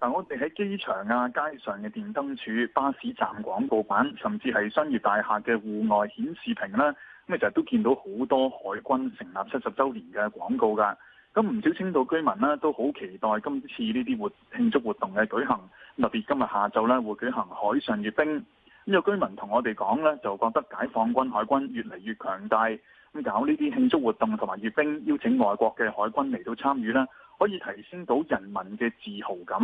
但、嗯、我哋喺機場啊、街上嘅電燈柱、巴士站廣告板，甚至係商業大廈嘅戶外顯示屏啦，咁啊都見到好多海軍成立七十週年嘅廣告㗎。咁唔少青島居民呢都好期待今次呢啲活慶祝活動嘅舉行，特別今日下晝呢會舉行海上閱兵。咁、那、有、個、居民同我哋講呢，就覺得解放軍海軍越嚟越強大，咁搞呢啲慶祝活動同埋閱兵，邀請外國嘅海軍嚟到參與啦。可以提升到人民嘅自豪感。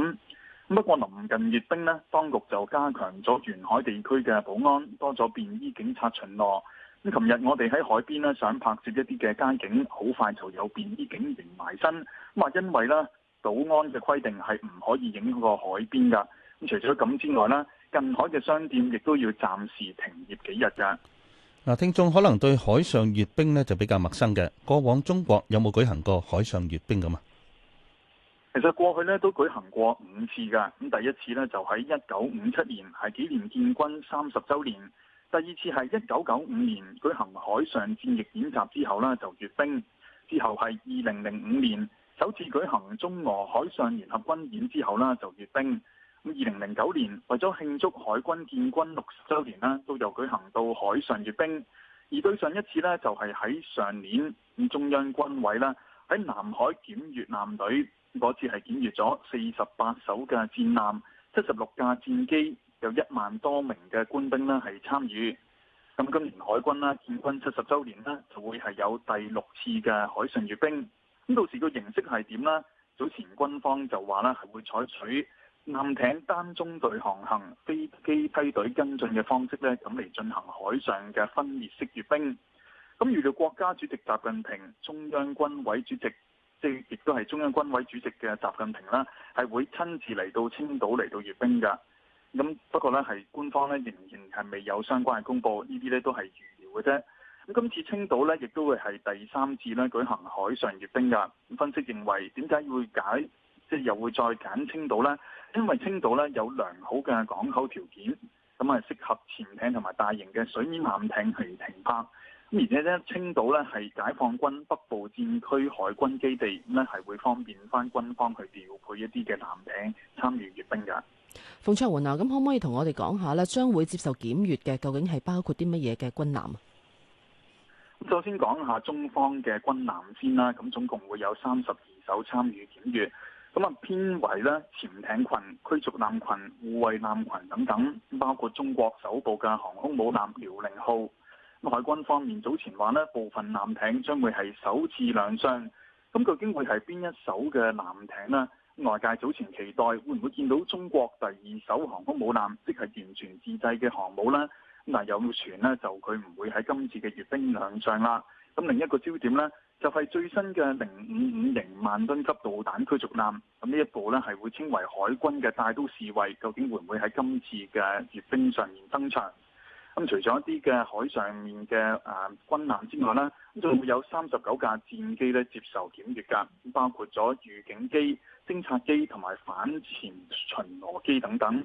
不過臨近閱兵呢，當局就加強咗沿海地區嘅保安，多咗便衣警察巡邏。咁，琴日我哋喺海邊呢想拍攝一啲嘅街景，好快就有便衣警迎埋身咁啊！因為呢，保安嘅規定係唔可以影嗰個海邊噶。咁除咗咁之外呢，近海嘅商店亦都要暫時停業幾日噶。啊，聽眾可能對海上閱兵呢就比較陌生嘅。過往中國有冇舉行過海上閱兵咁啊？其實過去咧都舉行過五次㗎，咁第一次咧就喺一九五七年係紀念建軍三十週年，第二次係一九九五年舉行海上戰役演習之後咧就閲兵，之後係二零零五年首次舉行中俄海上聯合軍演之後咧就閲兵，二零零九年為咗慶祝海軍建軍六十週年咧都又舉行到海上閲兵，而對上一次咧就係喺上年中央軍委啦。喺南海檢閲艦隊，嗰次係檢閲咗四十八艘嘅戰艦、七十六架戰機，有一萬多名嘅官兵呢係參與。咁今年海軍呢，建軍七十週年呢，就會係有第六次嘅海上閱兵。咁到時個形式係點呢？早前軍方就話咧係會採取艦艇單中隊航行、飛機梯隊跟進嘅方式呢，咁嚟進行海上嘅分列式閱兵。咁預料國家主席習近平、中央軍委主席，即亦都係中央軍委主席嘅習近平啦，係會親自嚟到青島嚟到閱兵噶。咁不過呢，係官方呢，仍然係未有相關嘅公佈，呢啲呢都係預料嘅啫。咁今次青島呢，亦都會係第三次呢舉行海上閱兵噶。分析認為點解會解，即又會再揀青島呢？因為青島呢，有良好嘅港口條件，咁係適合潛艇同埋大型嘅水面艦艇係停泊。而且呢，青島呢係解放軍北部戰區海軍基地，呢咧係會方便翻軍方去調配一啲嘅艦艇參與閱兵噶。馮卓垣啊，咁可唔可以同我哋講下呢？將會接受檢閱嘅究竟係包括啲乜嘢嘅軍艦啊？首先講下中方嘅軍艦先啦，咁總共會有三十二艘參與檢閱。咁啊，編為呢潛艇群、驅逐艦群、護衛艦群等等，包括中國首部嘅航空母艦遼寧號。海軍方面早前話，呢部分艦艇將會係首次亮相。咁究竟會係邊一艘嘅艦艇呢？外界早前期待會唔會見到中國第二艘航空母艦，即係完全自製嘅航母呢？咁有傳呢，就佢唔會喺今次嘅閱兵亮相啦。咁另一個焦點呢，就係最新嘅零五五型萬噸級導彈驅逐艦。咁呢一部呢，係會稱為海軍嘅帶刀侍衛，究竟會唔會喺今次嘅閱兵上面登場？咁除咗一啲嘅海上面嘅誒、呃、軍艦之外呢，咁仲會有三十九架戰機咧，接受檢閱噶，包括咗預警機、偵察機同埋反潛巡邏機等等。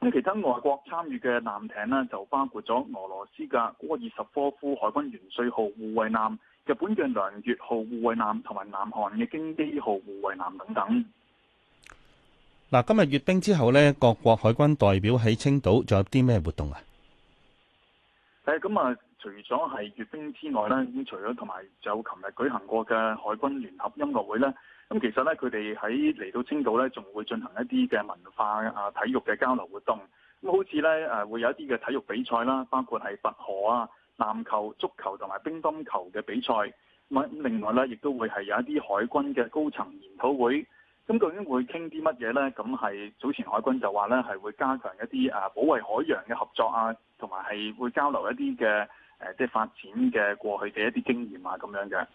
咁其他外國參與嘅艦艇呢，就包括咗俄羅斯嘅嗰個戈爾什科夫海軍元帥號護衛艦、日本嘅涼月號護衛艦同埋南韓嘅京畿號護衛艦等等。嗱，今日閱兵之後呢，各國海軍代表喺青島仲有啲咩活動啊？誒咁啊，除咗係閱兵之外咧，咁除咗同埋就琴日舉行過嘅海軍聯合音樂會咧，咁、嗯、其實咧佢哋喺嚟到青島咧，仲會進行一啲嘅文化啊體育嘅交流活動。咁、嗯、好似咧誒會有一啲嘅體育比賽啦，包括係拔河啊、籃球、足球同埋乒乓球嘅比賽。咁、嗯、另外咧，亦都會係有一啲海軍嘅高層研討會。咁究竟會傾啲乜嘢呢？咁係早前海軍就話呢係會加強一啲誒保衛海洋嘅合作啊，同埋係會交流一啲嘅誒即係發展嘅過去嘅一啲經驗啊咁樣嘅。